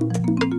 Thank you.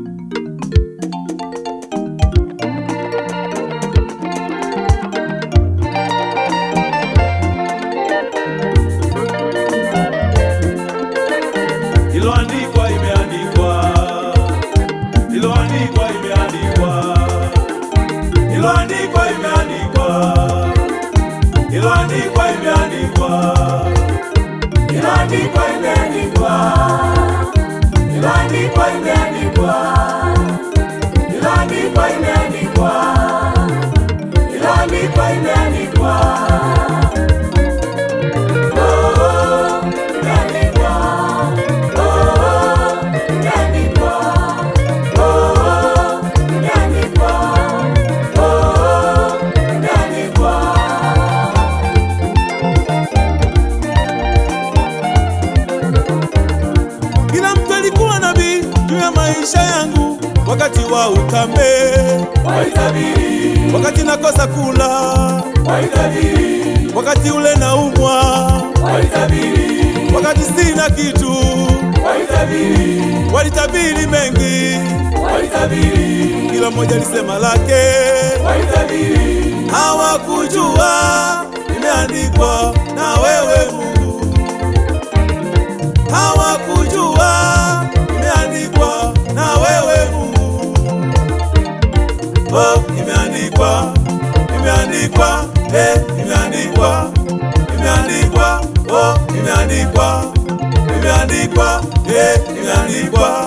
wakati wa ukame, waitabiri. Wakati nakosa kula, waitabiri. Wakati ule naumwa, waitabiri. Wakati sina kitu walitabiri, walitabiri mengi, walitabiri, kila mmoja lisema lake, walitabiri, hawakujua limeandikwa na wewe Mungu, hawakujua limeandikwa na wewe Mungu, oh, imeandikwa, imeandikwa, eh. igual.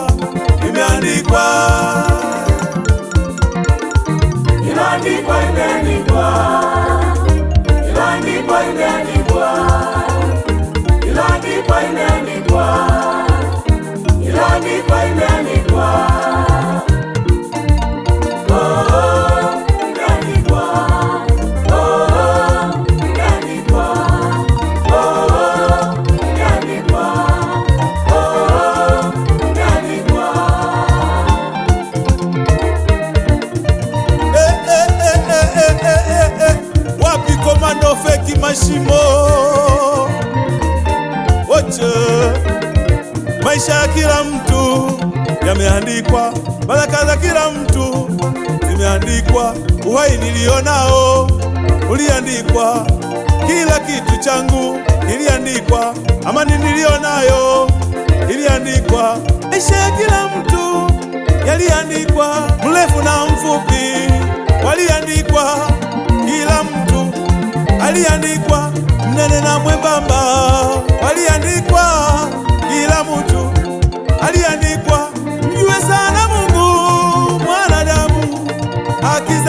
zimeandikwa, baraka za kila mtu zimeandikwa, uhai nilionao uliandikwa, kila kitu changu kiliandikwa, amani nilionayo iliandikwa, maisha ya kila mtu yaliandikwa, mrefu na mfupi waliandikwa, kila mtu aliandikwa, mnene na mwembamba waliandikwa, kila mtu I can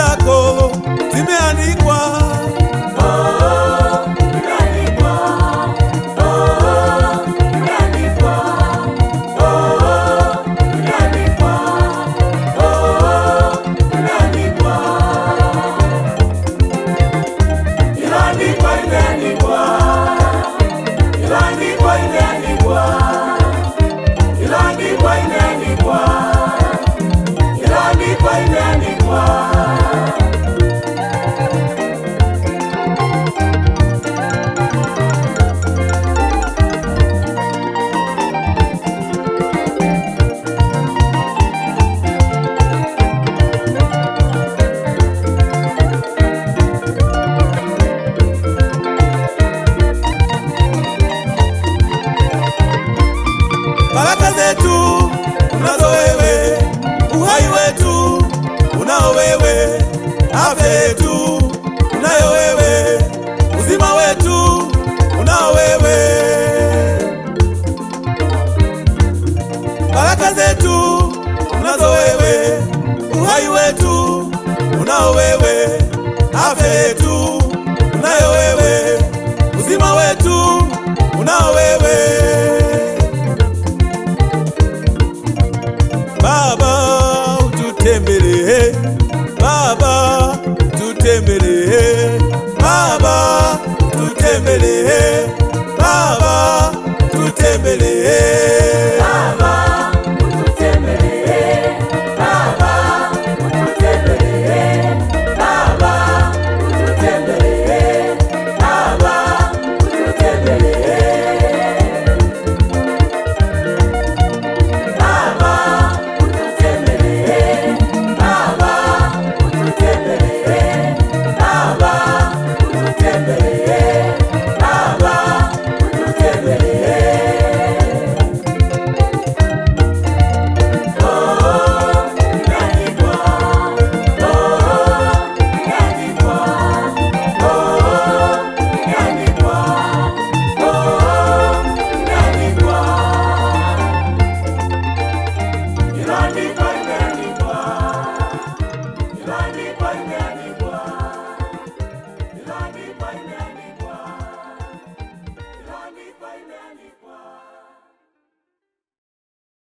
Baraka zetu unazo wewe, uhai wetu unao wewe, afya yetu unayo wewe, uzima wetu unao wewe. Baraka zetu unazo wewe, uhai wetu unao wewe, afya yetu unayo wewe, uzima wetu unao wewe. tutembelee Baba tutembelee Baba